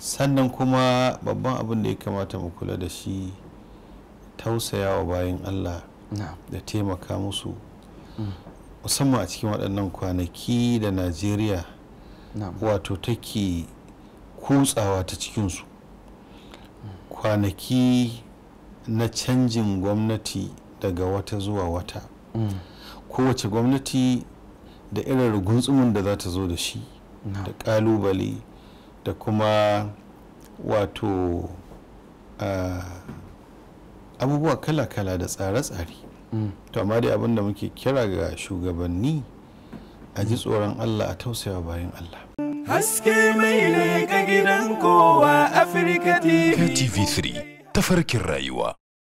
sannan kuma babban abin da ya kamata mu kula da shi tausaya wa bayan allah da taimaka musu mm. musamman a cikin waɗannan kwanaki da najeriya wato take kutsawa ta cikinsu kwanaki na canjin gwamnati daga wata zuwa wata mm. kowace gwamnati da irin rugunsumin da za ta zo da shi da ƙalubale da kuma wato ah, abubuwa kala-kala da tsare-tsare mm. to amma dai abin da muke kira ga shugabanni a ji tsoron allah a tausaya bayan allah haske mai ne ga gidan kowa afirka tv3 tafarkin rayuwa